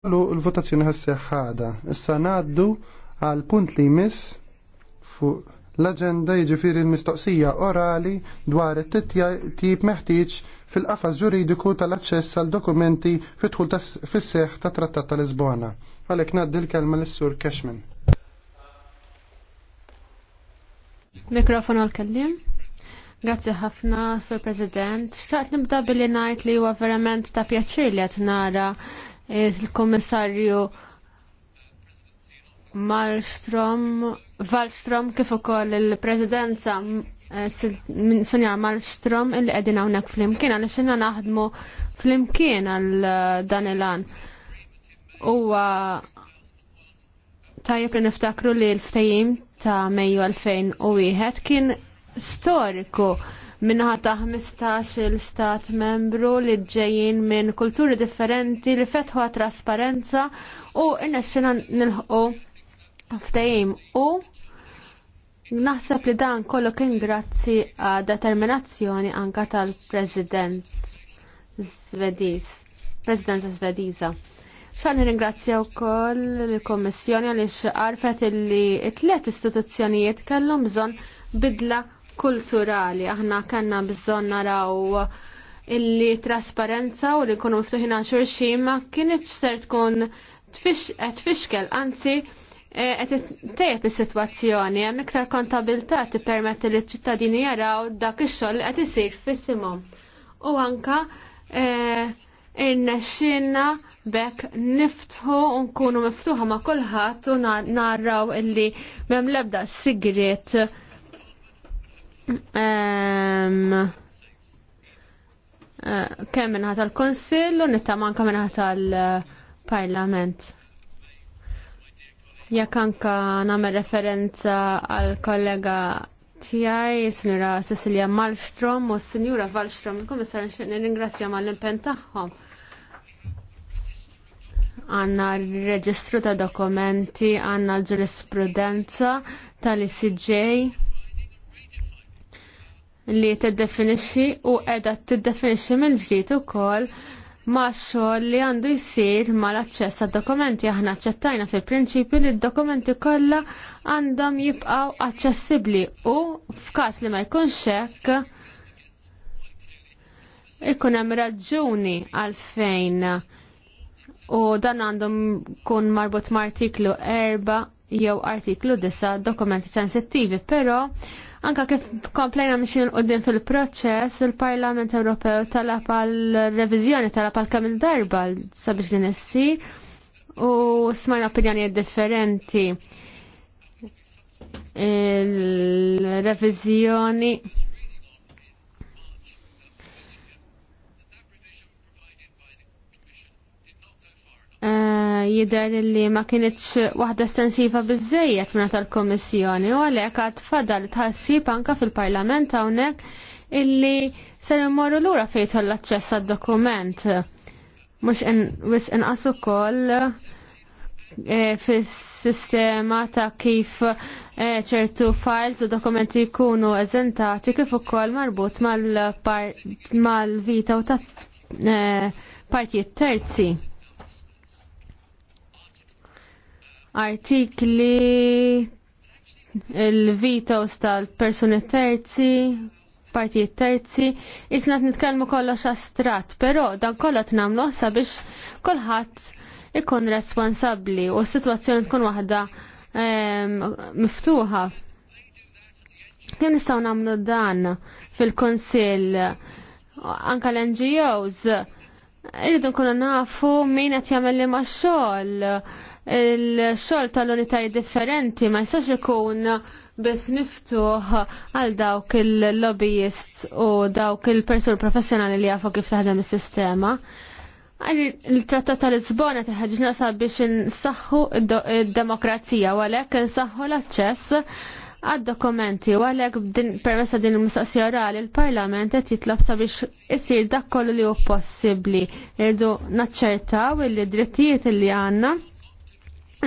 Għallu l-votazzjoni ħasseħħada. Issa naddu għal punt li jmiss fuq l-agenda jġifiri l-mistoqsija orali dwar it tip meħtieġ fil-qafas ġuridiku tal-aċċess għal dokumenti fidħul fis-seħħ ta' Trattat tal Lisbona. Għalhekk ngħaddi l-kelma lis-Sur Cashman. Mikrofon għal-kellim. Grazie ħafna, Sur President. Xtaqt nibda billi ngħid li huwa verament ta' pjaċir li għatnara nara il-Kommissarju Malstrom Valstrom kif ukoll il-Presidenza eh, minn Sonja Malmstrom illi qegħdin hawnhekk flimkien għaliex inna naħdmu flimkien għal eh, dan il-an. Huwa tajjeb li niftakru li l-ftajim ta' Mejju 2001 kien storiku minnaħa ta' 15 stat membru li ġejjin minn kulturi differenti li fetħu trasparenza u irnexxina nilħqu ftehim u naħseb li dan kollu kien grazzi determinazzjoni anka tal-President Svediż, Presidenza Svediża. Xan ringrazzja u koll l komissjoni għalix għarfet illi it-tlet istituzzjonijiet kellhom bżonn bidla kulturali. Aħna kanna bżon naraw illi trasparenza u li kunu mftuħina għal xurxin ma kienieċ ser tkun tfixkel, anzi e, qed tejjeb is-sitwazzjoni hemm iktar kontabilità tippermetti li ċittadini jaraw dak ix-xogħol qed isir fissimhom. U anka e, irnexxinna bekk niftħu u nkunu miftuħa ma' kulħadd u narraw illi m'hemm l-ebda sigret Eh, kemm minħat tal konsil u nittam anka minħat tal-Parlament. Jekk anka nagħmel referenza għal kollega tiegħi, Sinjura Cecilia Malmstrom u s Sinjura Wallstrom, il-Kummissar nirringrazzja mal-impenn tagħhom. Għanna r-reġistru ta' dokumenti, għanna l-ġurisprudenza tal-ICJ, li tiddefinixxi u qiegħda tiddefinixxi mill-ġdid ukoll ma' xogħol li għandu jsir mal-aċċess għad-dokumenti aħna aċċettajna fil-prinċipju li d-dokumenti kollha għandhom jibqgħu aċċessibbli u f'każ li ma jkunx hekk ikun hemm raġuni għalfejn u dan għandhom kun marbut ma' artiklu 4 jew artiklu disa dokumenti sensittivi, però anka kif komplejna mxin l fil-proċess, il-Parlament Ewropew talab għal-revizjoni talab għal-kamil darba sabiex din issir u smajna opinjoni differenti il-revizjoni jider li ma kienieċ waħda estensiva bizzejiet minna tal-Komissjoni u għalek għad fadal tħassib anka fil-Parlament hawnhekk illi ser immorru lura fejn l-aċċess għad-dokument. Mhux wis inqas ukoll e, fis-sistema ta' kif e, ċertu files u dokumenti jkunu eżentati kif ukoll marbut mal-vita u ta' e, partijiet terzi. artikli il-vitos tal-persuni terzi, partijiet terzi, isna nitkellmu kollox astrat, però dan kollha tnamlu sabiex kulħadd ikun responsabbli u s-sitwazzjoni tkun waħda ehm, miftuħa. Kien nistgħu nagħmlu dan fil-Kunsill anka l-NGOs irridu nkunu nafu min qed jagħmel li ma' xogħol il-xol tal-unitajiet differenti ma jistax ikun biss miftuħ għal dawk il lobbyist u dawk il persuni professjonali li jafu kif taħdem is-sistema. Il-trattat tal-Lisbona teħħġna sabiex nsaħħu id-demokrazija u għalhekk nsaħħu l-aċċess għad-dokumenti u għalhekk permessa din il-mistaqsija orali il-Parlament qed jitlob sabiex jisir dak kollu li hu possibbli. Irdu naċċertaw il-drittijiet li għandna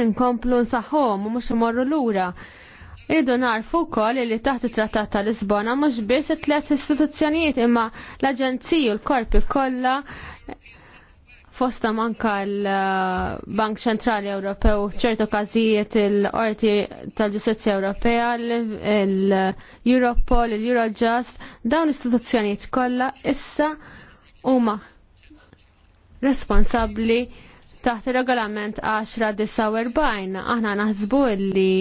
nkomplu nsaħħom u mhux imorru lura. Irridu narfu wkoll li taħt it-Trattat ta' Lisbona mhux biss it-tliet istituzzjonijiet imma l-Aġenziji u l-korpi kollha fosta manka l-Bank Ċentrali Ewropew ċertu okkażijiet il-Qorti tal-Ġustizzja Ewropea, l-Europol, l-Eurojust, dawn l-istituzzjonijiet kollha issa huma responsabbli taħt il-regolament 10-49 aħna naħsbu li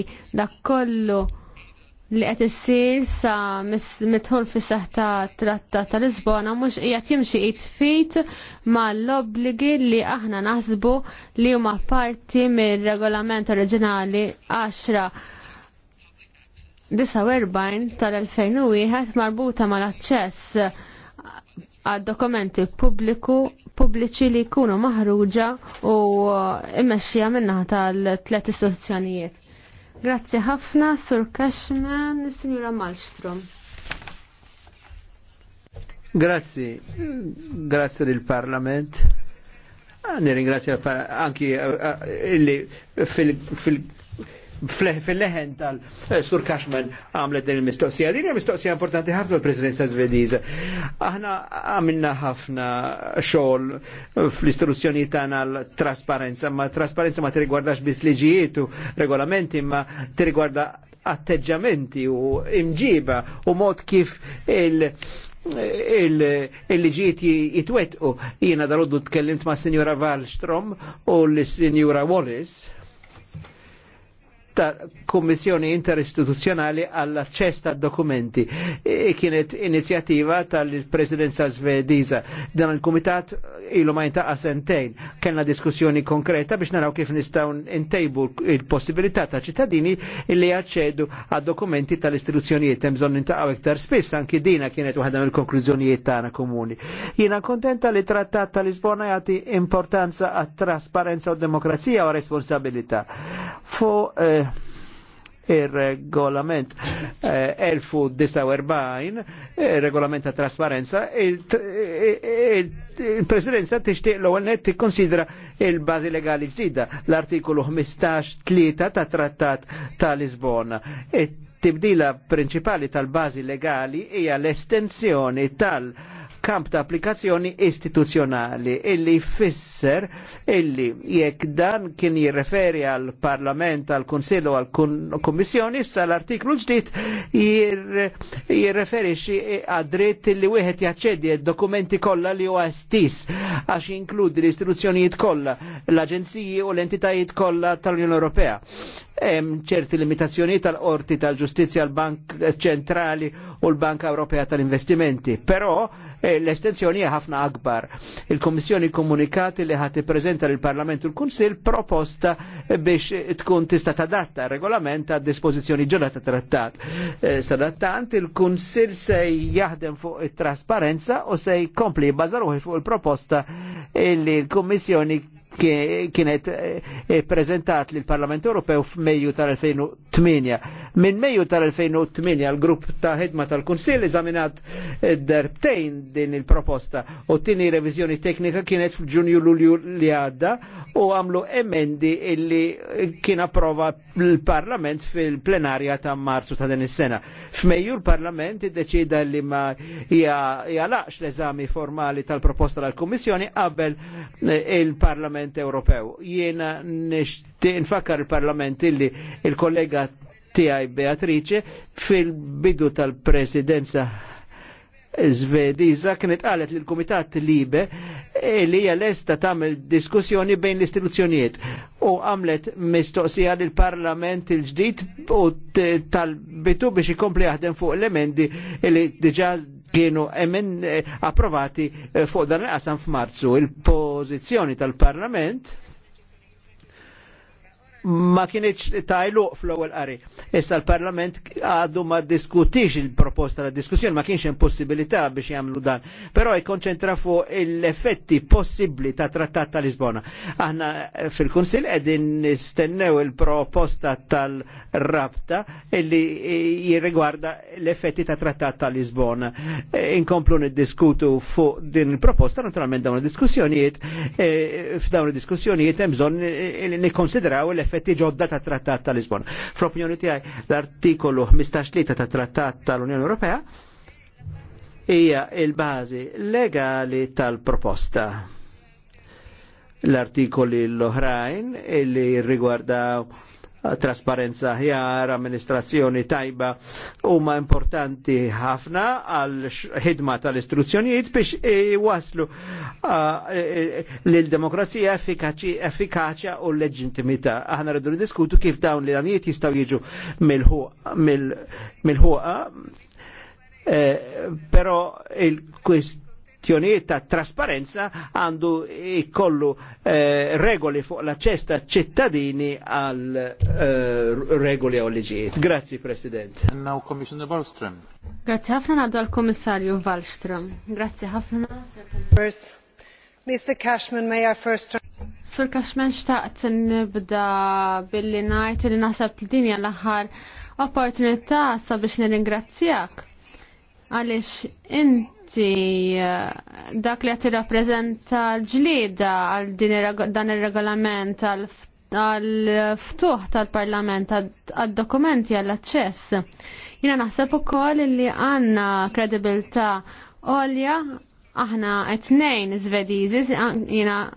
dak kollu li qed issir sa mitħol fis saħta trattat ta' Lisbona mhux qiegħed jimxi jitfit mal-obbligi li aħna naħsbu li huma parti mir-regolament oriġinali 10 49 tal-2001 marbuta mal-aċċess għad dokumenti pubbliku pubbliċi li jkunu maħruġa u uh, imexxija minnaħa tal-tlet istituzzjonijiet. Grazzi ħafna, Sur Cashman, Signora Malmström. Grazzi, grazzi lill parlament ah, Nirringrazzja anki ah, ah, illi fil-, fil fil-leħen tal-Sur eh, Cashman għamlet din il-mistoqsija. Din il-mistoqsija importanti ħafna l-Presidenza Svediża. Aħna għamilna ħafna xogħol fl-istruzzjoni tagħna l-trasparenza, ma trasparenza ma tirigwardax biss liġijiet u regolamenti, ma tirigwarda atteġġamenti u imġiba u mod kif il- il-liġiet u Jiena dal t tkellimt ma' Signora Wallstrom u l-Signora Wallis ta' kummissjoni Interistituzzjonali għall-aċċess ta' dokumenti e, e kienet inizjattiva tal-Presidenza Svediża. Dan il-Kumitat ilu ma jintaqa' sentejn. Kellna diskussjoni konkreta biex naraw kif nistgħu ntejbu il-possibilità ta' ċittadini li jaċċedu għad dokumenti tal-istituzzjonijiet Temżon bżonn intaqgħu iktar spiss anki dina kienet waħda mill-konklużjonijiet tagħna komuni. Jiena kontenta li trattat tal-Lisbona jagħti importanza għat-trasparenza u demokrazija u responsabilità fuq eh, il-regolament 1049, eh, il-regolament eh, ta' trasparenza, il-presidenza il, il tixtieq l-ewwel net tikkonsidra il bazi legali ġdida, l-artikolu 15-3 ta' trattat ta' Lisbona. E tibdila prinċipali tal bazi legali hija l-estensjoni tal-, -bazi legali, kamp ta' applikazzjoni istituzzjonali illi jfisser illi jekk dan kien jirreferi għal Parlament, għal Kunsill u għal kummissjoni issa l-artiklu ġdid jirreferixi dritt illi wieħed jaċċedi id-dokumenti kollha li huwa stis għax jinkludi l-istituzzjonijiet kollha, l-aġenziji u l-entitajiet kollha tal-Unjoni Ewropea hemm ċerti limitazzjoni tal-qorti tal-ġustizja l-Bank ċentrali u l banka Ewropea tal-Investimenti. Però eh, l-estenzjoni hija ħafna akbar. il kummissjoni komunikati li ħati prezenta lill parlament u l kunsill proposta biex tkun tista' tadatta regolament għad dispożizzjoni ta' trattat. Eh, Sadattant il kunsill se jaħdem fuq it-trasparenza u se jkompli bażaruħi fuq il-proposta li l kummissjoni kienet eh, prezentat l parlament Ewropew f'Mejju tal-2008. Minn Mejju tal-2008 l-grupp ta' ħidma tal-Kunsill eżaminat eh, darbtejn din il-proposta u tini revizjoni teknika kienet f'Ġunju Lulju li għadda u għamlu emendi illi eh, kien approva l-Parlament fil-plenarja ta' Marzu ta' din is-sena. F'Mejju l-Parlament id-deċida li ma jalaqx l-eżami formali tal-proposta tal-Kummissjoni qabel il-Parlament parlament Ewropew. Jiena nixtieq nfakkar il-Parlament illi il-kollega tiegħi Beatrice fil-bidu tal-presidenza Zvediza kienet qalet li l-Kumitat Libe li hija lesta tagħmel diskussjoni bejn l-istituzzjonijiet u għamlet mistoqsija lil parlament il-ġdid u tal-bitu biex ikompli jaħdem fuq l-emendi li diġa' kienu emen eh, approvati eh, fuq dan il-qasam f'Marzu. Il-pożizzjoni tal-Parlament ma kienieċ tajlu fl-ewwel qari. Issa l-Parlament għadu ma diskutix il-proposta la diskussjoni, ma kienx hemm possibilità biex jagħmlu dan. Però jkonċentra fuq l-effetti possibbli ta' Trattat ta' Lisbona. Aħna fil-Kunsill qegħdin nistennew il-proposta tal-rabta illi jirrigwarda l-effetti ta' Trattat ta' Lisbona. E, inkomplu niddiskutu fuq din il-proposta, naturalment dawn id-diskussjonijiet, e, f'dawn id-diskussjonijiet hemm bżonn nikkonsidraw l-effetti effetti ġodda ta' trattat ta' Lisbon. Fl-opinjoni tiegħi l-artikolu 15 ta' trattat tal-Unjoni Ewropea hija il-bażi legali tal-proposta. L-artikoli l-oħrajn li rigwardaw trasparenza ħjar, amministrazzjoni tajba huma importanti ħafna għal ħidma tal-istruzzjonijiet biex waslu e, e, l demokrazija effikaċja u leġintimita. Aħna rridu diskutu kif dawn li għanijiet jistaw jiġu mill-ħuqa, e, però il-kwist kwistjonijiet ta' trasparenza għandu ikollu eh, regoli fuq l-aċċess ta' ċittadini għal eh, regoli għaw liġijiet. Grazzi, President. now Commissioner Wallström. Grazzi ħafna għaddu għal Komissarju Wallström. Grazzi ħafna. Mr. Cashman, may I first Sir Cashman xtaqt nibda billi najt li nasab l dini għal ħar opportunita sabiex nir ingrazzijak għalix in inti eh, dak li għati rappresenta l-ġlida għal dan il-regolament għal-ftuħ tal-parlament għal-dokumenti għal-access. Jina naħseb u koll li għanna kredibilta olja aħna etnejn zvedizi jina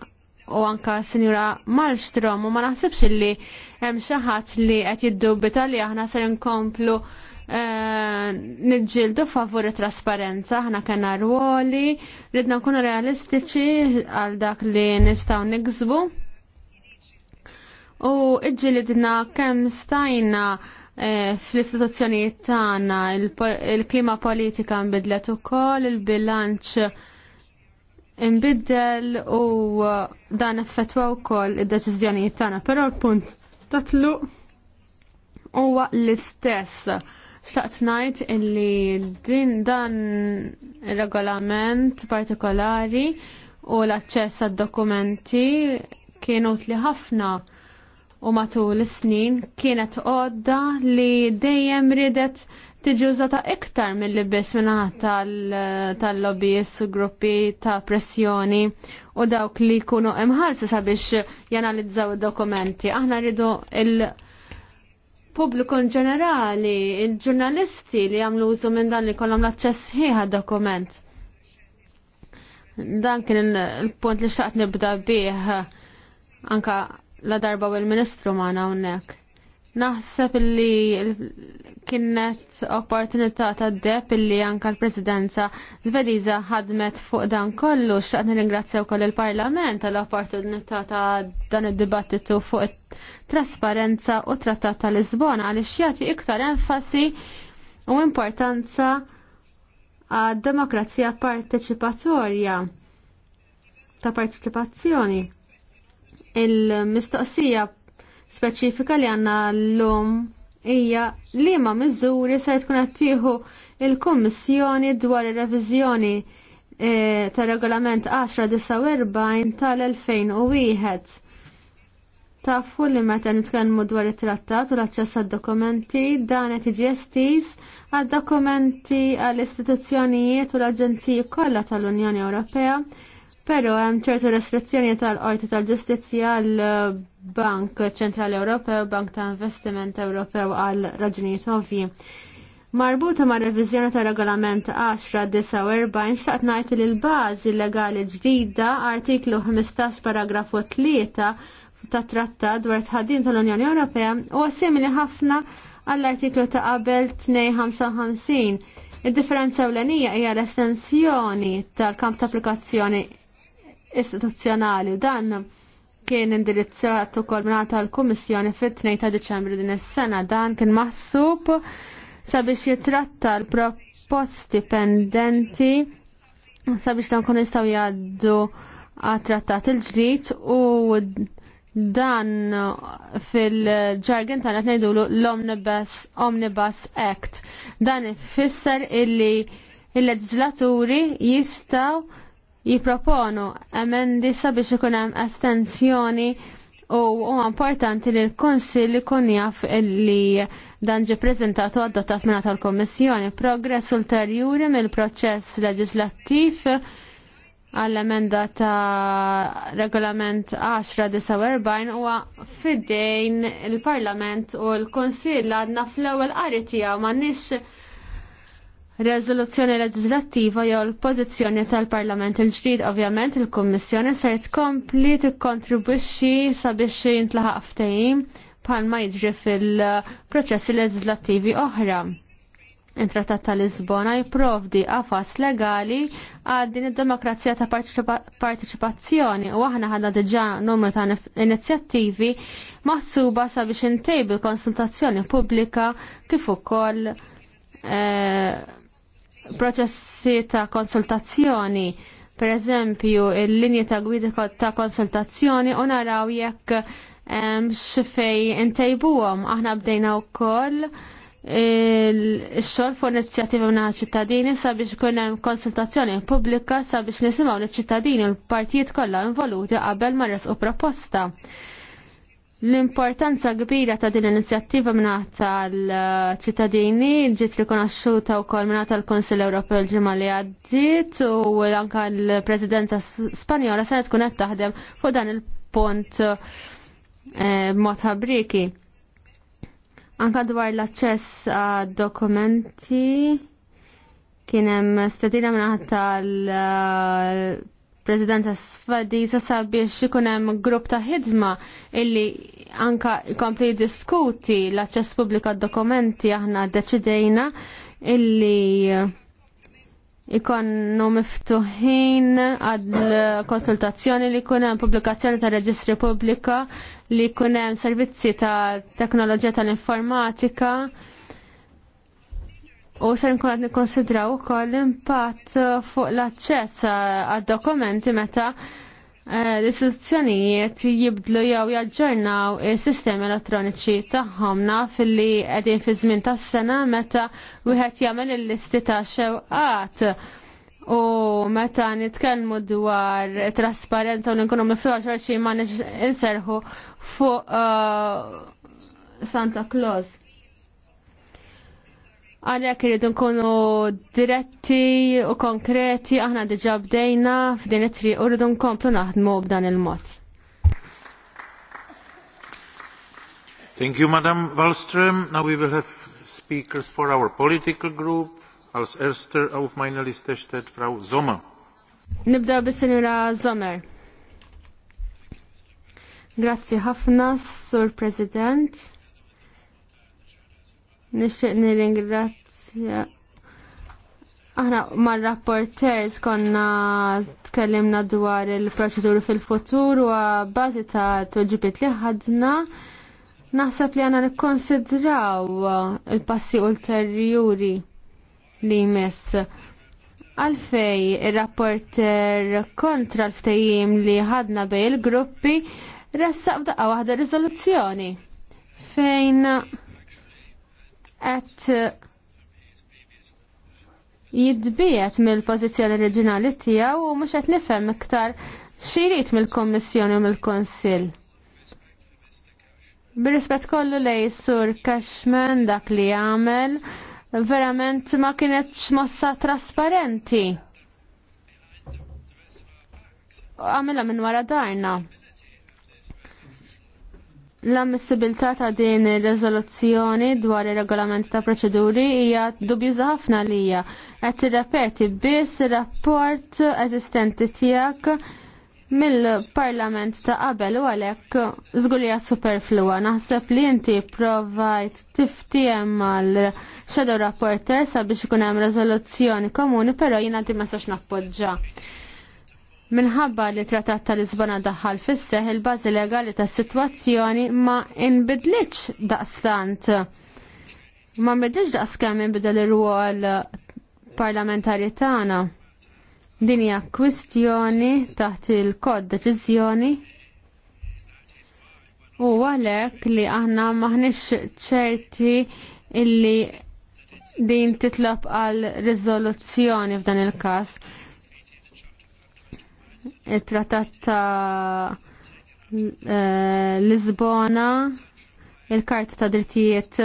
u anka sinjura Malstrom u ma naħsebx li hemm xi ħadd li qed jiddubita li aħna ser inkomplu Eh, nidġildu favuri trasparenza, ħna kena ruoli, ridna nkunu realistiċi għal dak li nistaw nikzbu. U iġġilidna kemm stajna eh, fl-istituzzjonijiet tagħna il-klima politika nbidlet ukoll, il-bilanċ nbiddel u dan effettwa wkoll id-deċiżjonijiet tagħna, però l-punt tatlu huwa l-istess Xtaqt ngħid illi din dan regolament partikolari u l-aċċess għad dokumenti kienu tli ħafna u matul is-snin kienet għodda li dejjem ridet tiġuża ta' iktar mill-li biss tal-lobbies tal gruppi ta' pressjoni u dawk li jkunu imħarsi sabiex janalizzaw id-dokumenti. Aħna rridu il- pubbliku in ġenerali, il-ġurnalisti li għamlu użu minn dan li kollhom l-aċċess ħieħ dokument. Dan kien il-punt li xtaqt nibda bih anka la darba u il ministru ma' unnek. Naħseb li kienet opportunità ta' deb li anka l-presidenza Zvediza ħadmet fuq dan kollu xaqni ringrazzjaw koll il-parlament għall opportunità ta' dan id-dibattitu fuq trasparenza u trattat ta' Lisbona għaliex jagħti iktar enfasi u importanza għad demokrazija parteċipatorja ta' parteċipazzjoni. Il-mistoqsija speċifika li għanna l-lum hija li ma miżuri se tkun qed tieħu il-Kummissjoni dwar ir-reviżjoni e, tar regolament 10-49 tal-2001. Tafu li meta nitkellmu dwar it-trattat u l-aċċess għad-dokumenti dan qed jiġi estiż għad-dokumenti għall-istituzzjonijiet u l-aġenziji kollha tal-Unjoni Ewropea Pero hemm ċertu restrizzjoni tal-Qorti tal-Ġustizzja għal eh, Bank Ċentrali Ewropew, Bank ta' Investiment Ewropew għal raġunijiet ovvji. Marbuta ma' reviżjoni ta' regolament 10-49 xtaqt ngħid li l-bażi legali ġdida artiklu 15 paragrafu 3 ta' trattat dwar tħaddim tal-Unjoni Ewropea u simili ħafna għall-artiklu ta' qabel 255. Id-differenza ewlenija hija l-estensjoni tal-kamp ta' applikazzjoni istituzzjonali dan kien indirizzat u mingħata l kummissjoni fit-2 ta' Diċembru din is-sena dan kien maħsub sabiex jitratta l-proposti pendenti sabiex dan kun jistgħu jgħaddu għat-trattat il-ġdid u dan fil-ġargin tagħna qed ngħidulu l-Omnibus Omnibus Act. Dan ifisser illi il-leġislaturi jistgħu jiproponu emendi sabiex ikun hemm estensjoni u huwa importanti li l-Kunsill ikun jaf li dan ġi preżentat u adottat minn tal-Kommissjoni. Progress ulterjuri mill-proċess leġislattiv għall-emenda ta' regolament 10 u huwa fidejn il-Parlament u l kunsill għadna fl-ewwel qari tiegħu m'għandniex rezoluzzjoni leġislattiva jew l-pożizzjoni tal-Parlament il-ġdid ovvjament il-Kummissjoni ser tkompli tikkontribwixxi sabiex jintlaħaq ftehim bħalma jiġri fil-proċessi leġislattivi oħra. Intrattat tal-Lisbona jipprovdi għafas legali għal din id-demokrazija ta' partiċipazzjoni u aħna ħadna diġà numru ta' inizjattivi maħsuba sabiex intejbu konsultazzjoni pubblika kif ukoll eh, proċessi ta' konsultazzjoni, per eżempju, il-linji ta' gwida ta' konsultazzjoni u naraw jekk xifej intajbuwom, Aħna bdejna wkoll il-xol fuq inizjativa minn ċittadini sabiex ikun hemm konsultazzjoni pubblika sabiex nisimgħu l-ċittadini u l-partijiet kollha involuti qabel ma resqu proposta. L-importanza kbira ta' din l-inizjattiva minna tal-ċittadini ġiet rikonoxxuta wkoll minna tal-Konsil Ewropew l-ġimgħa li għaddiet u anke l-Presidenza Spanjola se tkun qed taħdem fuq dan il-pont eh, b'mod ħabriki. Anka dwar l-aċċess għad dokumenti kien hemm stedina minna tal Presidenta Sfadi sa sabiex ikun hemm grupp ta' ħidma illi anka jkompli diskuti l-aċċess pubblika dokumenti aħna deċidejna illi ikonnu miftuħin għad konsultazzjoni li kunem pubblikazzjoni ta' reġistri pubblika li kunem servizzi ta' teknoloġija tal-informatika U ser nkun qed nikkonsidraw ukoll l-impatt uh, fuq l-aċċess uh, għad-dokumenti meta uh, l-istituzzjonijiet jibdlu jew jaġġornaw is-sistemi elettroniċi tagħhom naf li qegħdin fi żmien tas-sena meta wieħed jagħmel il-listi ta' xewqat. U meta nitkellmu dwar trasparenza u nkunu miftuħa xi ma nserħu fuq Santa Claus. Għalhekk irridu nkunu diretti u konkreti, aħna diġà bdejna f'din it tri u rridu nkomplu naħdmu b'dan il-mod. Thank you, Madam Wallström. Now we will have speakers for our political group. Als erster auf meiner Liste steht Frau Sommer. Nibda bis-Sinjura Sommer. Grazie ħafna, Sur President. Nixtieq nirringrazzja Aħna mar rapporters konna tkellimna dwar il-proċeduri fil-futur u bażi ta' toġibit li ħadna naħseb li għana nikkonsidraw il-passi ulterjuri li jmiss. Għalfej il-rapporter kontra l ftejim li ħadna bej il-gruppi ressaq daqqa waħda rizoluzzjoni. fejn qed eh, jidbijet mill-pożizzjoni oriġinali tiegħu u mhux qed nifhem iktar xirit mill-Kommissjoni u mill-Konsil. Bil-rispett kollu lej sur Cashman dak li għamel, verament ma kienet mossa trasparenti. Għamela minn wara darna. L-ammissibilità ta' din ir-riżoluzzjoni dwar ir-regolament ta' proċeduri hija dubjuża ħafna għalija. qed tirrepeti biss rapport eżistenti tiegħek mill-Parlament ta' qabel u għalhekk żgur superflua. Naħseb li inti provajt tiftiem mal shadow rapporter sabiex ikun hemm riżoluzzjoni komuni, però jiena di ma sax nappoġġa. Minħabba li trattat tal-Lisbona daħħal fisseħ il-bażi legali tas-sitwazzjoni ma inbidlitx daqstant. Ma nbidlitx daqs kemm inbidel ir-rwol parlamentari tagħna. Din hija kwistjoni taħt il-kod deċiżjoni u għalhekk li aħna maħniex ċerti illi din titlob għal riżoluzzjoni f'dan il-każ il-trattat ta' eh, Lisbona, il-karta ta' drittijiet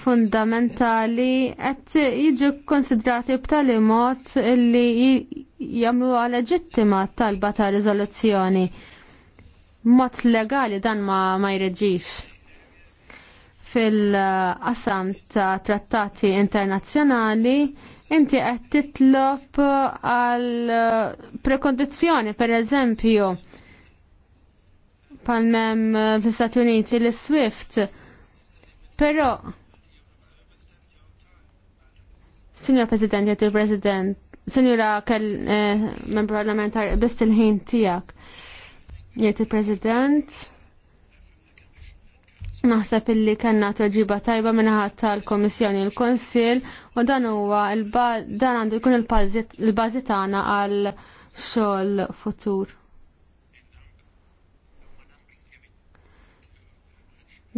fundamentali qed jiġu konsidrati b'tali mod li għal leġittima talba ta' riżoluzzjoni. Mod legali dan ma ma jreġix fil-qasam ta' trattati internazzjonali Inti qed titlob għal prekondizzjoni, per eżempju, palmem fl-Istati Uniti l-Swift, però Signor President, jgħet il-President, Signora kell eh, membru parlamentar, bist il-ħin tijak. Jgħet il-President, Naħseb illi kena toġiba tajba minnaħat tal-Komissjoni l-Konsil u dan huwa dan għandu jkun il-bażi tagħna għal xogħol futur.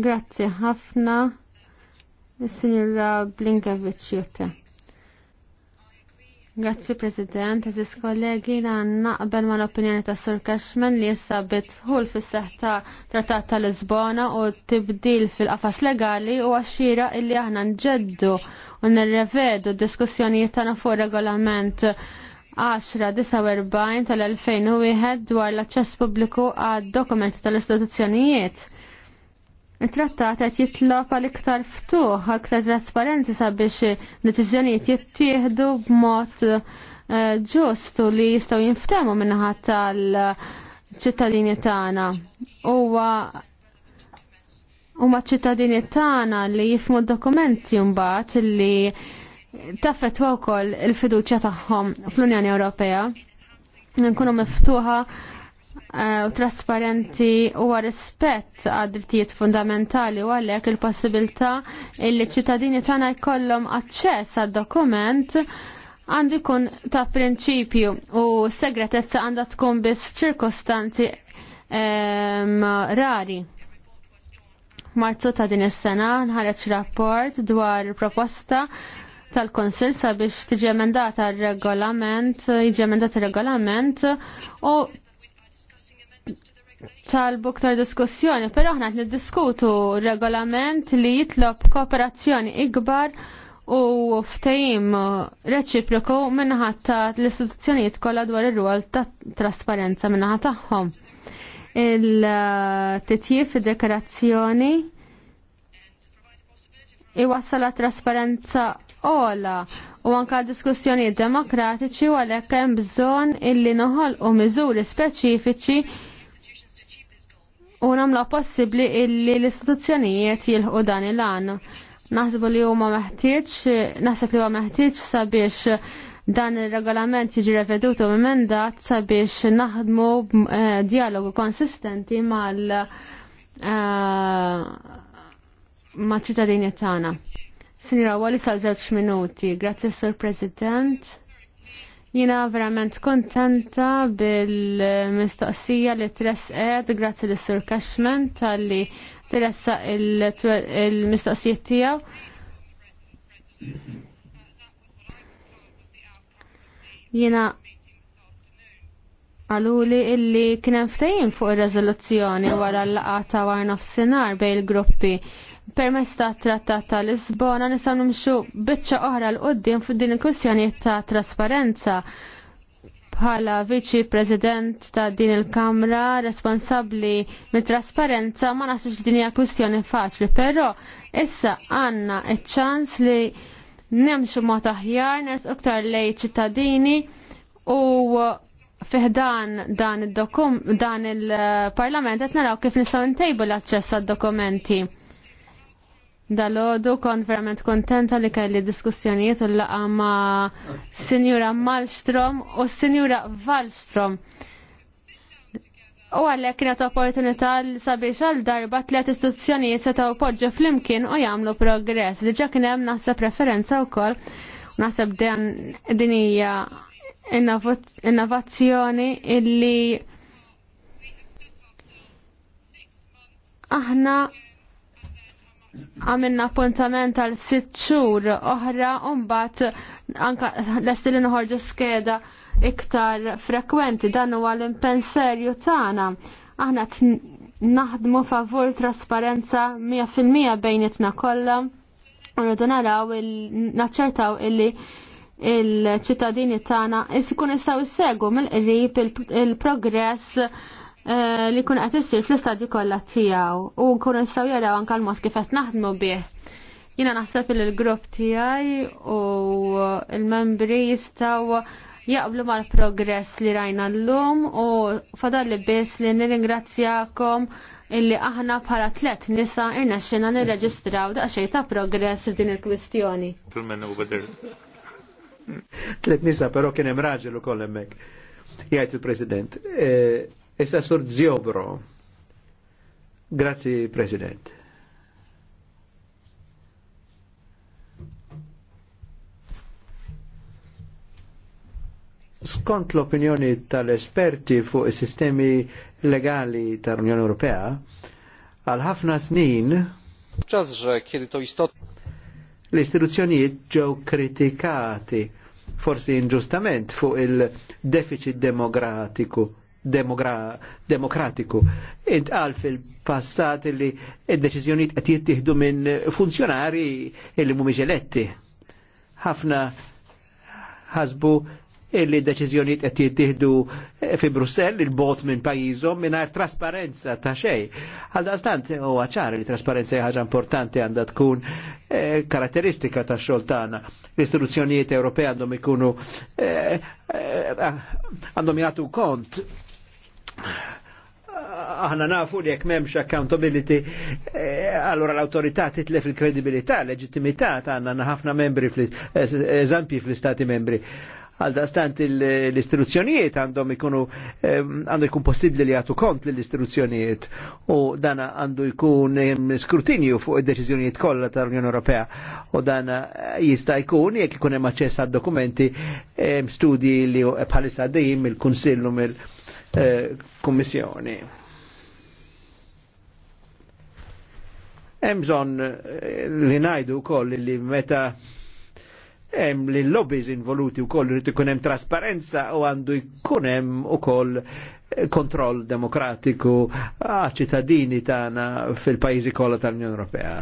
Grazzi ħafna, Is-Sinjura Blinkevich Jutte. Grazzi President, eżis kollegi għanna qabel ma l-opinjoni ta' Sur Cashman li jissa bitħul fis seħta trattat ta' Lisbona u tibdil fil-qafas legali u għaxira illi aħna nġeddu u nirrevedu diskussjonijiet tagħna fuq regolament 1049 tal-2001 dwar l-aċċess pubbliku għad dokumenti tal-istituzzjonijiet it-trattat qed jitlob għal iktar ftuħ, iktar trasparenti sabiex deċiżjonijiet jittieħdu b'mod eh, ġustu li jistgħu jinftehmu minnaħat tal-ċittadini tagħna. Huwa huma ċittadini tagħna li jifmu dokumenti mbagħad li taffetwa wkoll il-fiduċja tagħhom fl-Unjoni Ewropea nkunu miftuħa Eh, u trasparenti u rispett għad drittijiet fundamentali u għalhekk il-possibilità li ċittadini tagħna jkollhom aċċess għad dokument għandu jkun ta' prinċipju u segretezza għandha tkun biss ċirkostanzi ehm, rari. Marzu ta' din is-sena nħareġ rapport dwar proposta tal-konsil sabiex tiġi emendata regolament jiġi emendata regolament u talbu ktar diskussjoni, pero aħna qed niddiskutu regolament li jitlob kooperazzjoni ikbar u ftehim reċiproku minnaħat ta' l-istituzzjonijiet kollha dwar ir-rwol ta' trasparenza minnaħat tagħhom. Il-titjib fid-dekorazzjoni wassala trasparenza ola u anka diskussjoni demokratiċi u għalhekk hemm bżonn illi noħolqu miżuri speċifiċi u namla possibli illi l-istituzzjonijiet jilħu dan il-għan. Naħsbu li huma meħtieġ, naħseb li huwa meħtieġ sabiex dan il-regolament jiġi revedutu emendat sabiex naħdmu eh, dialogu konsistenti mal eh, ma' ċittadini tagħna. Sinjora, għalli sal-żewġ minuti. Grazie, Sur President. Jina verament kontenta bil-mistoqsija li tresqed grazzi l sur Cashman tal-li tressa il-mistoqsijiet tijaw. Jina għaluli illi kienem ftejn fuq il-rezoluzzjoni wara l-laqata war nafsinar bej il-gruppi permess ta' trattat ta' Lisbona nistgħu nimxu biċċa oħra l qoddim fuq din il-kwistjoni ta' trasparenza bħala viċi president ta' din il-Kamra responsabbli mit trasparenza ma nasibx li din hija kwistjoni faċli, però issa għandna ċ-ċans li nemxu mod aħjar ners aktar lej ċittadini u fiħdan dan il-parlament qed naraw kif nistgħu ntejbu l-aċċess għad-dokumenti. Dalodu kont verament kontenta li kelli diskussjonijiet u laqa ma Sinjura Malstrom u Sinjura Valstrom. U għalek kienet opportunità li sabiex għal darba tliet istituzzjonijiet setgħu poġġu flimkien u jagħmlu progress. Diġà kien hemm naħseb preferenza wkoll u naħseb din hija innovazzjoni illi aħna għamilna appuntament għal sitt xhur oħra u mbagħad anka lesti li nħorġu skeda iktar frekwenti dan huwa l-impenserju tagħna. Aħna naħdmu favur trasparenza 100% itna kollha u rridu naraw naċċertaw illi il-ċittadini tagħna is ikun jistgħu jissegu mill-qrib il-progress il progress Eh, li kun qed issir fl-istadju kollha tiegħu u nkunu nistgħu jaraw anke l-mod kif qed naħdmu bih. Jiena naħseb li grupp tiegħi u l-membri jistgħu jaqblu mal-progress li rajna l-lum u fadalli biss li nirringrazzjakom illi aħna bħala tlet nisa irnexxina nirreġistraw daqsxejn ta' progress f'din il-kwistjoni. Tlet nisa però kien hemm raġel ukoll hemmhekk. Jgħid il-President, eh, Issa sur Ziobro. Grazzi, President. Skont l-opinjoni tal-esperti fuq is-sistemi legali tal-Unjoni Ewropea, għal ħafna snin L-istituzzjonijiet ġew kritikati forsi inġustament fuq il-deficit demokratiku demogra demokratiku. Intqal fil-passat li id-deċizjoniet qed jittieħdu minn funzjonari li mhumiex eletti. Ħafna ħasbu illi deċizjoniet qed jittieħdu fi Brussell il-bot minn pajjiżhom mingħajr trasparenza ta' xejn. Għal daqstant huwa ċar li trasparenza hija ħaġa importanti għandha tkun eh, karatteristika ta' xoltana. L-istituzzjonijiet Ewropej għandhom ikunu għandhom eh, eh, jagħtu kont aħna nafu li jekk m'hemmx accountability, eh, allora l-autorità titlef il-kredibilità, l-leġittimità tagħna ħafna membri eżempji fl-istati membri. Għal dastant l-istruzzjonijiet għandhom ikunu eh, għandu jkun possibli li jagħtu kont l-istruzzjonijiet u dan għandu jkun eh, skrutinju fuq id-deċiżjonijiet kollha tal-Unjoni Ewropea u dan jista' jkun jekk ikun hemm aċċess għad-dokumenti studji li bħalissa dejjem il-Kunsillu mill Eh, kommissjoni. Hemm eh, li ngħidu wkoll li meta hemm li lobbies involuti wkoll irid ikun hemm trasparenza u għandu jkun hemm ukoll eh, kontroll demokratiku a ċittadini tana fil-pajjiżi kollha tal-Unjoni Ewropea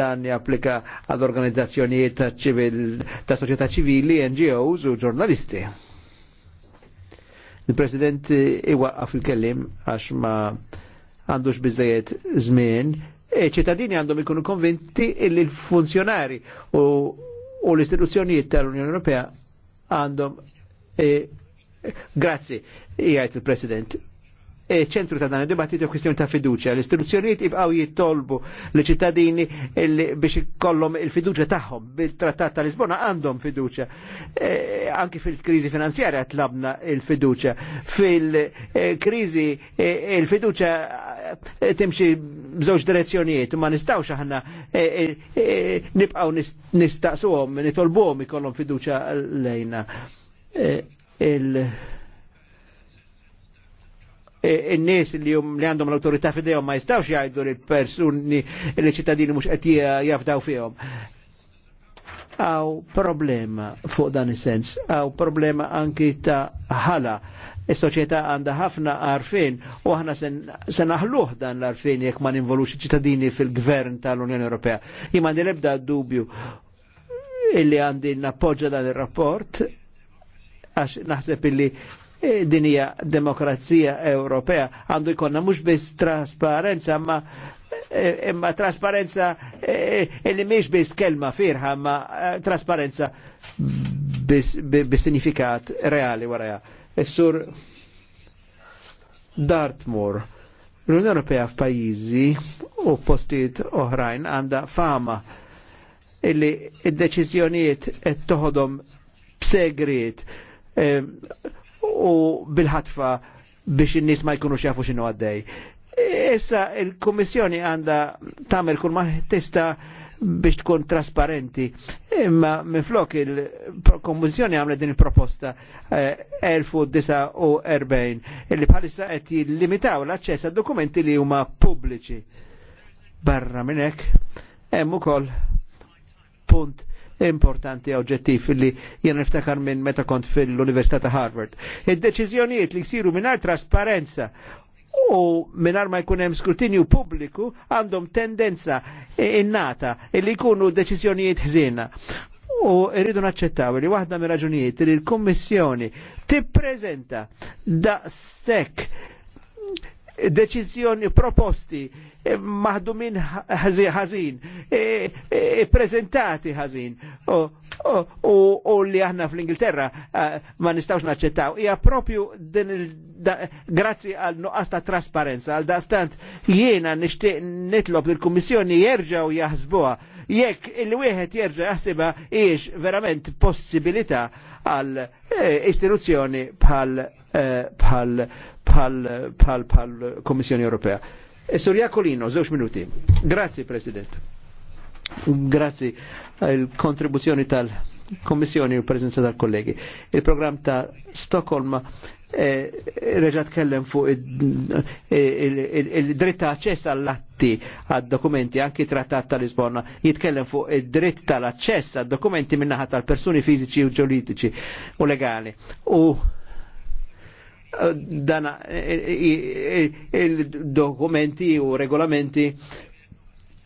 dan japplika għad organizzazzjonijiet ta' soċjetà ċivili, NGOs u ġurnalisti. Il-President iwaqqaf il-kellim għax ma għandux bizzejiet zmin. E ċittadini għandhom ikunu konvinti illi l-funzjonari u, u l-istituzzjonijiet tal-Unjoni Ewropea għandhom e, Grazzi, jgħajt il-President ċentru ta' dan id-dibattitu kwistjoni ta' fiduċja. L-istituzzjonijiet ibqgħu jittolbu li ċittadini biex ikollhom il-fiduċja tagħhom bil-Trattat ta' Lisbona għandhom fiduċja. E, anki fil-kriżi finanzjarja tlabna il-fiduċja. Fil-kriżi e, il-fiduċja e, timxi bżewġ direzzjonijiet, ma nistawx aħna nibqgħu nistaqsuhom, nitolbuhom ikollhom fiduċja lejna. Il- in-nies e, e, li jum li għandhom l-autorità fidejhom ma jistawx jgħidu li persuni li ċittadini mhux qed jafdaw fihom. Għaw problema fuq dan is-sens, għaw problema anki ta' ħala. Is-soċjetà e, għandha ħafna għarfien u aħna se naħluh dan l-arfin jekk ma ninvolux ċittadini fil-gvern tal-Unjoni Ewropea. Jien għandi lebda dubju illi għandi nappoġġa dan ir-rapport għax naħseb illi E, dinija demokrazija Ewropea għandu jkonna mux biss trasparenza ma imma e, e, trasparenza illi mhix biss kelma firħa ma trasparenza bis-sinifikat reali waraja. Is-sur Dartmoor. L-Unjoni Ewropea f'pajjiżi u postijiet oħrajn għandha fama illi id-deċiżjonijiet qed toħodhom b'segret u bil-ħatfa biex in-nies ma jkunux jafu x'inhu għaddej. Issa il-Kummissjoni għandha tagħmel kull ma tista' biex tkun trasparenti. Imma minn flok il-Kommissjoni għamle din il-proposta 1049 eh, illi bħalissa qed jillimitaw l-aċċess għad dokumenti li huma pubbliċi. Barra minn hekk hemm ukoll punt importanti oġġettiv li jena niftakar minn meta kont fil-Università ta' Harvard. Id-deċiżjonijiet li jsiru mingħajr trasparenza u minar ma jkun hemm skrutinju pubbliku għandhom tendenza innata li jkunu deċiżjonijiet ħżiena. U rridu naċċettaw li waħda mir raġunijiet li l kummissjoni tippreżenta daqshekk deċizjoni proposti e maħdumin ħażin, e, e, prezentati ħażin u li aħna fl-Ingilterra ma nistawx naċċettaw. Ija propju din grazzi għal nuqqas ta' trasparenza, għal daqstant jiena nixtieq nitlob il-Kummissjoni jerġgħu jaħsbuha jekk il-wieħed jerġa' jaħsibha hiex verament possibilità għal istituzzjoni bħal bħal eh, Komissjoni Ewropea. Istorja e Kolino, żewġ minuti. Grazzi, President. Grazzi il-kontribuzzjoni tal-Komissjoni u preżenza tal-kollegi. Il-programm ta' Stockholm reġa tkellem fuq il-dritt ta' aċċess għall-atti għad-dokumenti, anki trattat ta' Lisbona, jitkellem fuq il dritt tal-aċċess għad-dokumenti minnaħat tal-persuni fiziċi u ġolitiċi u legali. U dana il-dokumenti u regolamenti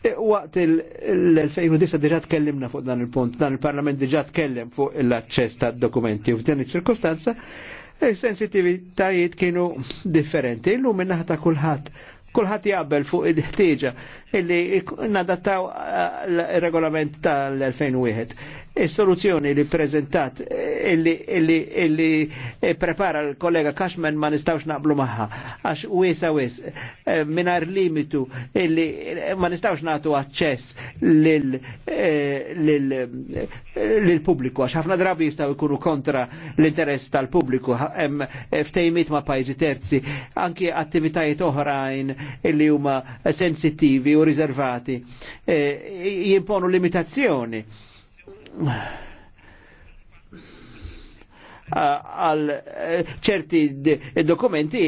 e Waqt l-2009 diġa tkellimna fuq dan il-punt, dan il-Parlament diġa tkellem fuq l-aċċess ta' dokumenti u f'din iċ-ċirkostanza, sensitivitajiet kienu differenti. Illum minnaħta kulħadd kulħadd jaqbel fuq il-ħtieġa illi nadattaw eh, l-regolament tal-2001. Is-soluzzjoni li prezentat illi, illi, illi eh, prepara l-kollega Kashman ma nistawx naqblu maħħa, għax wisa wis, eh, minar limitu illi ma nistawx natu access lil-pubbliku, għax ħafna drabi jistaw ikunu kontra l-interess tal-pubbliku, ftejmit ma pajzi terzi, anki attivitajiet oħrajn illi huma sensittivi u riservati eh, jimponu limitazzjoni għal eh, ċerti dokumenti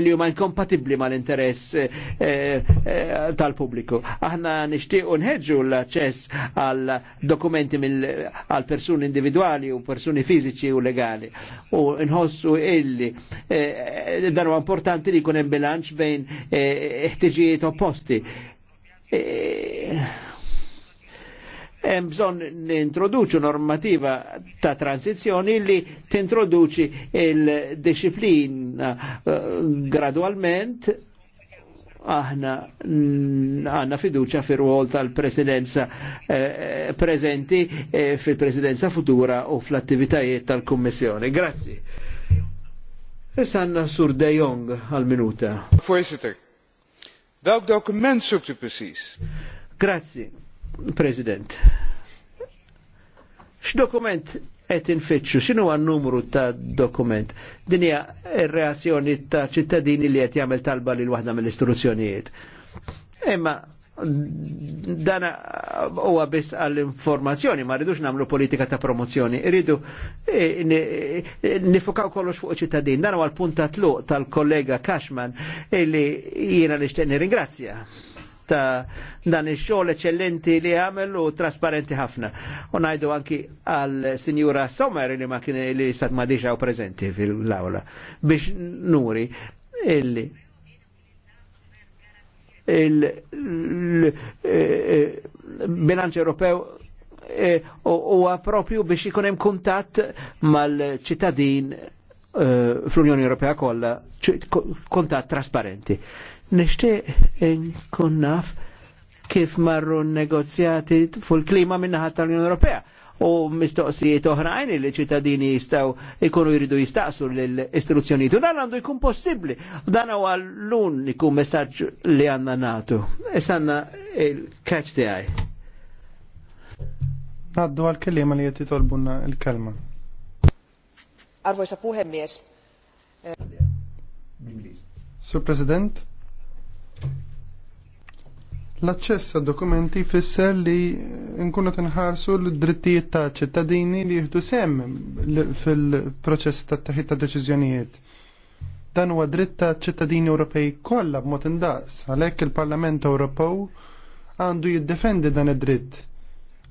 li huma inkompatibbli mal-interess eh, eh, tal-pubbliku. Aħna nixtiequ nħeġġu l-aċċess għal dokumenti għal persuni individuali u persuni fiżiċi u legali. U nħossu illi dan huwa importanti li jkun hemm bilanċ bejn ħtiġijiet opposti hemm bżonn nintroduċu normativa ta' tranzizjoni li tintroduċi il-disciplina eh, gradualment aħna għanna fiduċa fir ruol tal-presidenza eh, prezenti eh, fil-presidenza futura u fl-attivitajiet tal-Kummissjoni. Grazzi. Sanna Sur De Jong għal-minuta. Voorzitter, welk dokument suktu u Grazzi President. X'dokument qed infittxu, x'inhu għan numru ta' dokument? Din hija r-reazzjoni ta' ċittadini li qed jagħmel talba lil waħda mill-istruzzjonijiet. Imma dan huwa biss għall-informazzjoni, ma rridux nagħmlu politika ta' promozzjoni, rridu e, e, nifukaw kollox fuq ċittadin. Dan huwa l-punt ta' tluq tal-kollega Cashman illi jiena nixtieq nirringrazzja ta' dan il-xogħol eċellenti li għamel u trasparenti ħafna. U ngħidu anki għal Sinjura Sommer li ma kien li stat ma diġaw preżenti fil-awla biex nuri illi il-bilanċ eh, Ewropew eh, u propju biex ikun hemm kuntatt mal-ċittadin eh, fl-Unjoni Ewropea kollha kuntatt trasparenti. Nishtiq nkun naf kif marru negozjati fuq il-klima minnaħat tal-Unjoni Ewropea u mistoqsijiet oħrajn li ċittadini jistaw ikunu jridu jistaqsu l-istruzzjonijiet. U dan għandu jkun possibli. Dan huwa l-uniku messaġġ li għandna natu. Issanna il-catch di għaj. Naddu għal-kellima li jett jitolbunna il-kelma. Arvoisa puhemies. Eh, Sur President, L-aċċess għad dokumenti fisser li nkunu tinħarsu l-drittijiet ta' ċittadini li jieħdu sem fil-proċess ta' taħit ta' deċiżjonijiet. Dan huwa dritt ta' ċittadini Ewropej kollha b'mod indaqs, għalhekk il-Parlament Ewropew għandu jiddefendi dan id-dritt.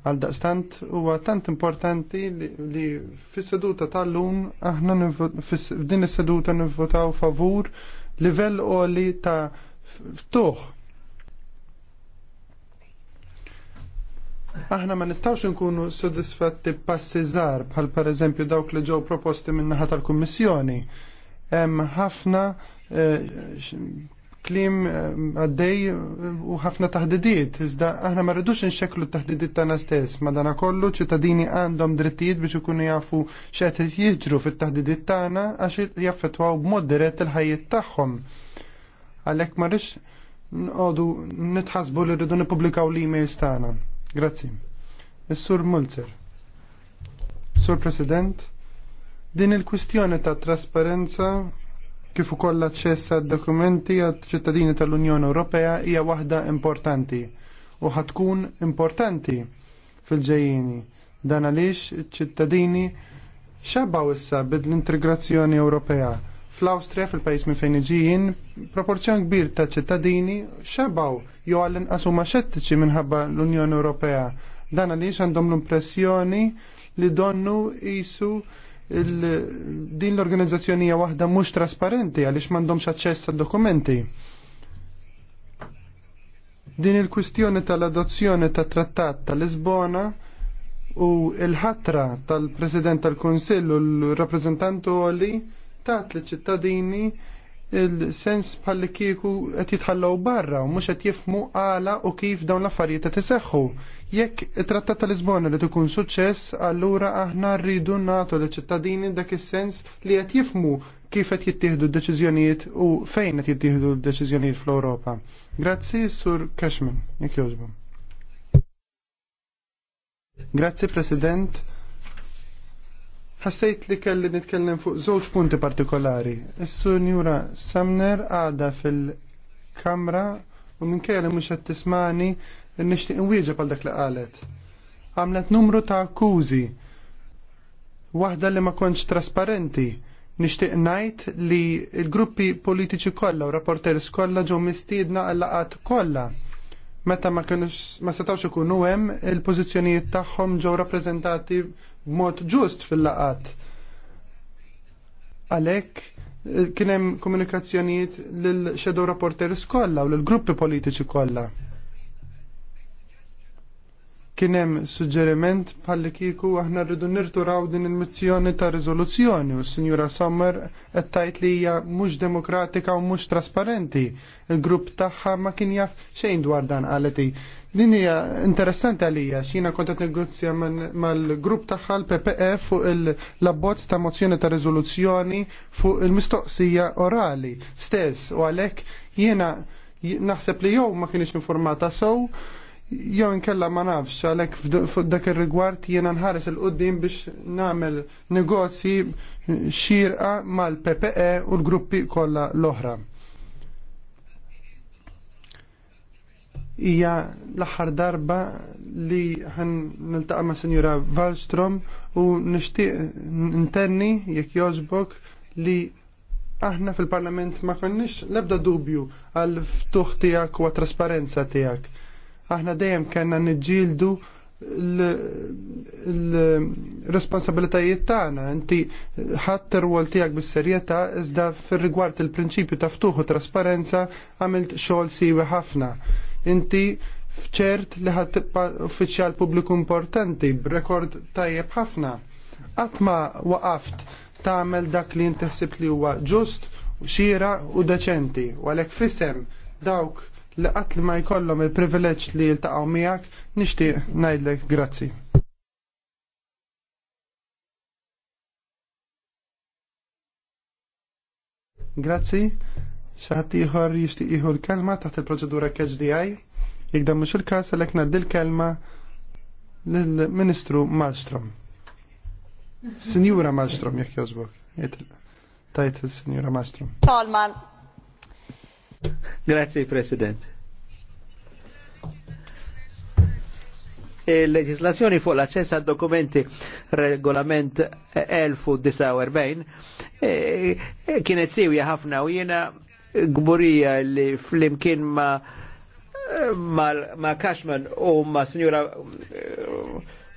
Għal daqstant huwa tant importanti li fis-seduta tal-lum aħna f'din is-seduta nivvotaw favur livell qoli ta' ftuħ Aħna ma nistawx nkunu soddisfatti passi żgħar bħal pereżempju dawk li ġew proposti min-naħa tal-Kummissjoni. Hemm ħafna eh, klim eh, għaddej eh, u ħafna taħdidiet. Iżda aħna ma rridux inxeklu t-taħdidiet tagħna stess. Madana kollu ċittadini għandhom drittijiet biex ikunu jafu x'qed jiġru fit-taħdidiet tagħna għax jaffettwaw b'mod dirett il-ħajjiet tagħhom. Għalhekk ma rridx nqogħdu nitħasbu li rridu nippubblikaw l-emails tagħna. Grazzi. Is-Sur Mulzer. Sur President, din il-kwistjoni ta' trasparenza kif ukoll l-aċċess għad dokumenti għad ċittadini tal-Unjoni Ewropea hija waħda importanti u ħatkun importanti fil-ġejjini. Dan għaliex iċ-ċittadini xabaw issa bid l-integrazzjoni Ewropea fl austria fil-pajis minn fejn iġijin, proporzjon kbir ta' ċittadini xabaw jew għallin qasuma xettiċi minħabba l-Unjoni Ewropea. Dan għaliex għandhom l-impressjoni li donnu jisu din l hija waħda mhux trasparenti għaliex m'għandhomx aċċess għad dokumenti. Din il-kwistjoni tal-adozzjoni tat trattat tal-Lisbona u l ħatra tal-President tal kunsill u l-Rappresentantu li tat li ċittadini il-sens bħalli kieku qed jitħallaw barra u mhux qed jifmu għala u kif dawn l-affarijiet qed iseħħu. Jekk it-Trattat ta' Lisbona li tkun suċċess, allura aħna rridu nagħtu li ċittadini dak is-sens li qed jifmu kif qed jittihdu d-deċiżjonijiet u fejn qed jittihdu d-deċiżjonijiet fl-Ewropa. Grazzi, Sur Cashman, jekk jogħġbu. Grazzi, President. Ħassejt li kelli nitkellem fuq żewġ punti partikolari. Is-Sunjura Samner għada fil-kamra u minkejja li mhux qed tismani nixtieq inwieġeb għal dak li qalet. Għamlet numru ta' akkużi. Waħda li ma kontx trasparenti nishtiq najt li il-gruppi politiċi kollha u rapporters kollha ġew mistiedna għallaqat kollha. Meta ma kienux ma setawx ikunu hemm il-pożizzjonijiet tagħhom ġew rappreżentati mod ġust fil-laqat. Għalek, eh, kienem komunikazzjonijiet l-shadow rapporteris kolla u l-gruppi politiċi kolla. Kien hemm suġġeriment bħalli kieku aħna rridu nirturaw din il-mizzjoni ta' riżoluzzjoni u s-Sinjura Sommer qed tgħid li hija mhux demokratika u mhux trasparenti. Il-grupp tagħha ma kien jaf xejn dwar dan qaleti. Din hija interessanti għalija x'ina kont qed negozja mal-grupp tagħha l ppf e, fuq il abbozz ta' mozzjoni ta' riżoluzzjoni fuq il-mistoqsija orali stess u għalhekk jiena naħseb li jew ma kienx informata sew jow nkella ma nafx għalhekk f'dak il ir-rigward jiena nħares il qoddim biex nagħmel negozji xirqa mal-PPE u l-gruppi kollha l-oħra. hija l-aħħar darba li nil-taqa ma' senjura Wallstrom u nixtieq tenni jekk jogħġbok li aħna fil-Parlament ma konniex l-ebda dubju għal ftuħ tiegħek u għat trasparenza tiegħek. Aħna dejjem kellna niġġieldu l-responsabilitajiet tagħna. Inti ħadd ir-rwol tiegħek bis-serjetà iżda fir-rigward il-prinċipju ta' ftuħ u trasparenza għamilt xogħol siwi ħafna. Inti fċert li ħadd uffiċjal pubbliku importanti b'rekord tajjeb ħafna. Qatt ma waqaft tagħmel dak li inti li huwa ġust, xira u deċenti, u għalhekk fisem dawk li qatt li ma jkollhom il-privileġġ li jiltaqgħu miegħek nixtieq ngħidlek grazzi. Grazzi. Xaħat iħor jishtiq iħu l-kelma taħt il-proċedura KHDI. jikda mux il-kas, l naddi l-kelma l-Ministru Malstrom. Sinjura Malstrom jek jogħġbok. Tajt il-Sinjura Malmstrom. Talman, Grazie, President. Il-leġislazzjoni e fuq l documenti għad dokumenti regolament 1049 e, e, e, kienet siwja ħafna u jiena gburija li flimkien ma ma, ma Cashman u ma Signora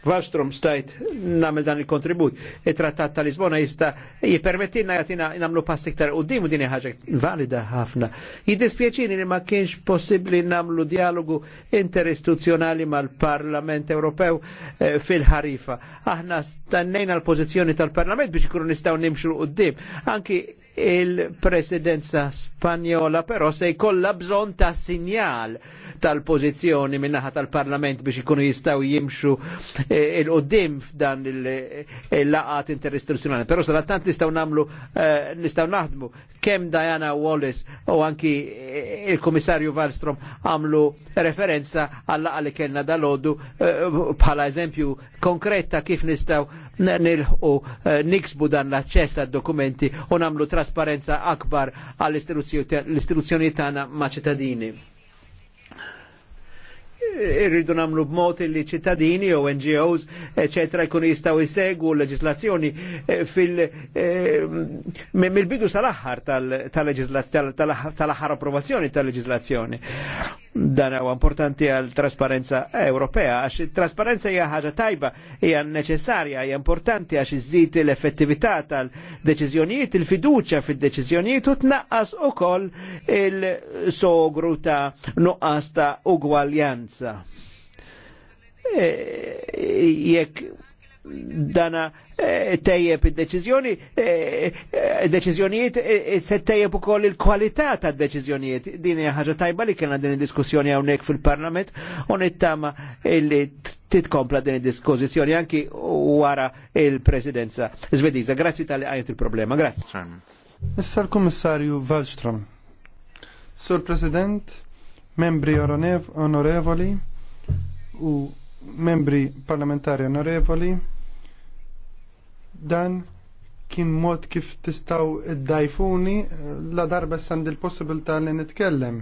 Wallstrom stajt namel dan il-kontribut. Il-trattat e ta' Lisbona jista jipermettina jatina namlu pass iktar u dimu dini ħaġa valida ħafna. Jidispieċini li ma kienx possibli namlu dialogu interistituzjonali mal-Parlament Ewropew eh, fil-ħarifa. Aħna stannejna l-pozizjoni tal-Parlament biex ikunu nistaw nimxu u dim. Anki il-presidenza spanjola però se jkollha bżonn ta' sinjal tal-pożizzjoni minnaħa tal-Parlament biex ikunu jistgħu jimxu eh, il-qudiem f'dan il-laqat interistituzzjonali. Però sa tant nistgħu nagħmlu eh, nistgħu naħdmu kemm Diana Wallace u anki eh, il-Kummissarju Wallstrom għamlu referenza għall-laqa li kellna dal-għodu bħala eh, eżempju konkretta kif nistgħu nilħu eh, niksbu dan l-aċċess għad dokumenti u namlu trasparenza akbar għall-istituzzjoni tagħna ma' ċittadini irridu namlu b'mod li ċittadini u NGOs, eccetera, jkun jistaw jisegu l-leġislazzjoni eh, fil- eh, bidu sal-aħħar tal-aħħar approvazzjoni tal-leġislazzjoni. Dan huwa importanti għal trasparenza Ewropea, għax trasparenza hija ħaġa tajba, hija neċessarja, hija importanti għax iżid l-effettività tal-deċiżjonijiet, il-fiduċja fid-deċiżjonijiet u tnaqqas ukoll il-sogru ta' nuqqas ta' ugwaljanza differenza. E, Jekk dana e, tejjeb id-deċizjoni, e, e deċizjonijiet e, se tejjeb ukoll il-kwalità ta' deċizjonijiet Din hija ħaġa tajba li kena din id-diskussjoni hawnhekk fil-Parlament u nittama li titkompla din id-diskużizzjoni anki wara il-Presidenza Svediża. Grazzi tal-li għajt il-problema. Grazzi. Issa l-Kummissarju Wallström. Sur President, membri onorevoli u membri parlamentari onorevoli, dan kien mod kif tistaw id-dajfuni eh, la darba sand il-possibilità li nitkellem.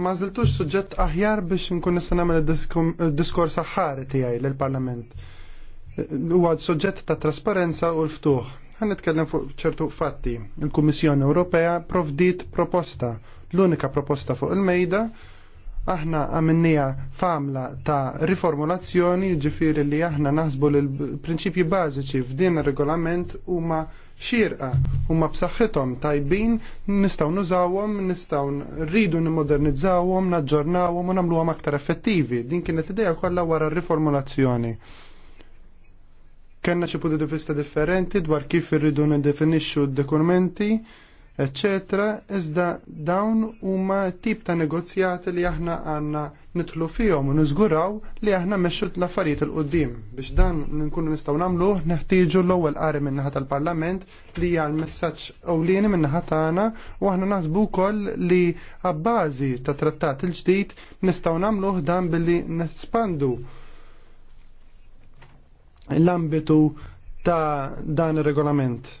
Ma ziltux suġġett aħjar biex nkun nista' nagħmel diskors aħħari tiegħi lill-Parlament. Eh, huwa suġġett ta' trasparenza u l-ftuħ. Ħan nitkellem fuq ċertu fatti. Il-Kummissjoni Ewropea provdit proposta l-unika proposta fuq il-mejda aħna għamennija famla ta' riformulazzjoni, ġifiri li aħna naħsbu l-prinċipji bażiċi f'din regolament huma xirqa, huma b'saħħithom tajbin, nistgħu nużawhom, nistgħu rridu nimmodernizzawhom, naġġornawhom u nagħmluhom aktar effettivi. Din kienet idea kollha wara r-riformulazzjoni. Kenna xi punti di vista differenti dwar kif irridu niddefinixxu d-dokumenti, eccetera, iżda dawn huma tip ta' negozjati li aħna għanna nitlu fihom u niżguraw li aħna mexxu l-affarijiet il qudiem Biex dan nkunu nistgħu nagħmluh neħtieġu l-ewwel qari min naħa tal-Parlament li hija l-messaġġ ewlieni min naħa tagħna u aħna naħsbu wkoll li abbażi ta' trattat il-ġdid nistgħu nagħmluh dan billi nespandu l-ambitu ta' dan ir-regolament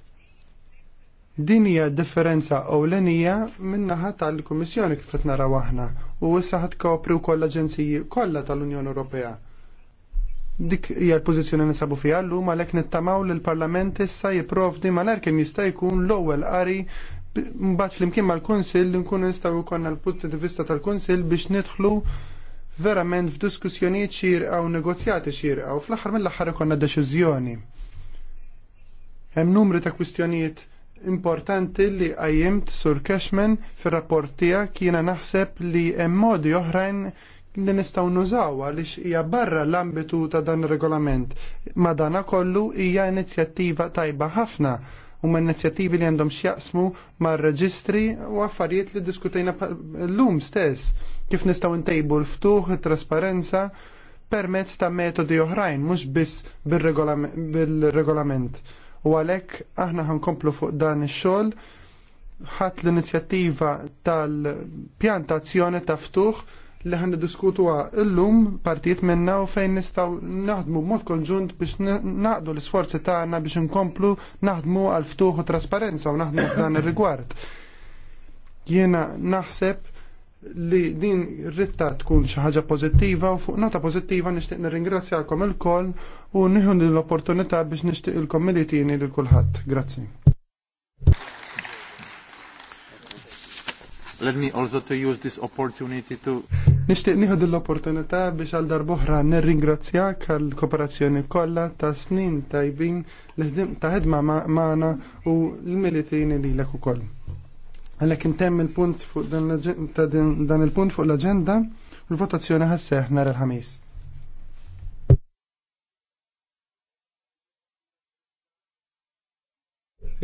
Din hija differenza ewlenija min-naħa tal-Kummissjoni kif qed naraw aħna u issa ħadd kopri wkoll l-Aġenziji kollha tal-Unjoni Ewropea. Dik hija l-pożizzjoni nisabu fiha llum għalhekk nittamaw li l-Parlament issa jipprovdi malar kemm jista' jkun l-ewwel qari mbagħad flimkien mal-Kunsill li nkunu nistgħu jkollna l-punti di vista tal-Kunsill biex nidħlu verament f'diskussjonijiet xierqa u negozjati xierqa u fl-aħħar mill-aħħar ikonna deċiżjoni. Hemm numri ta' kwistjonijiet importanti li għajjimt sur Cashman fir-rapport kiena naħseb li hemm modi oħrajn li nistgħu nużaw għaliex hija barra l-ambitu ta' dan ir-regolament. dana kollu hija inizjattiva tajba ħafna u ma' inizjattivi li għandhom x'jaqsmu mar reġistri u affarijiet li diskutejna l-lum stess kif nistgħu ntejbu l-ftuħ, it-trasparenza permezz ta' metodi oħrajn mhux biss bil-regolament. bil regolament u għalhekk aħna ħankomplu fuq dan ix-xogħol ħat l-inizjattiva tal-pjantazzjoni ta' ftuħ li ħan diskutu l-lum partijiet minna u fejn nistaw naħdmu mod konġunt biex naqdu l-sforzi tagħna biex nkomplu naħdmu għal ftuħ u trasparenza u naħdmu f'dan ir-rigward. Jiena naħseb li din ritta tkun xi ħaġa pożittiva u fuq nota pożittiva nixtieq nirringrazzjakom il-koll u nieħu l-opportunità biex nixtieq ilkom militini lil kulħadd. Grazzi. Let me also to use this opportunity to Nixtieq nieħu l-opportunità biex għal darbohra nirringrazzjak għal kooperazzjoni kollha ta' snin tajbin li ta' ħidma magħna u l-militini lilek ukoll. Għalek intemm il-punt fuq dan il-punt fuq l-agenda u l-votazzjoni ħasseħ nar il-ħamis.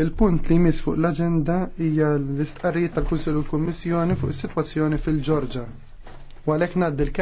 Il-punt li jmiss fuq l-agenda hija l-istqarrijiet tal-Kunsill u l-Kummissjoni fuq is-sitwazzjoni fil-Ġorġa. Walek għalhekk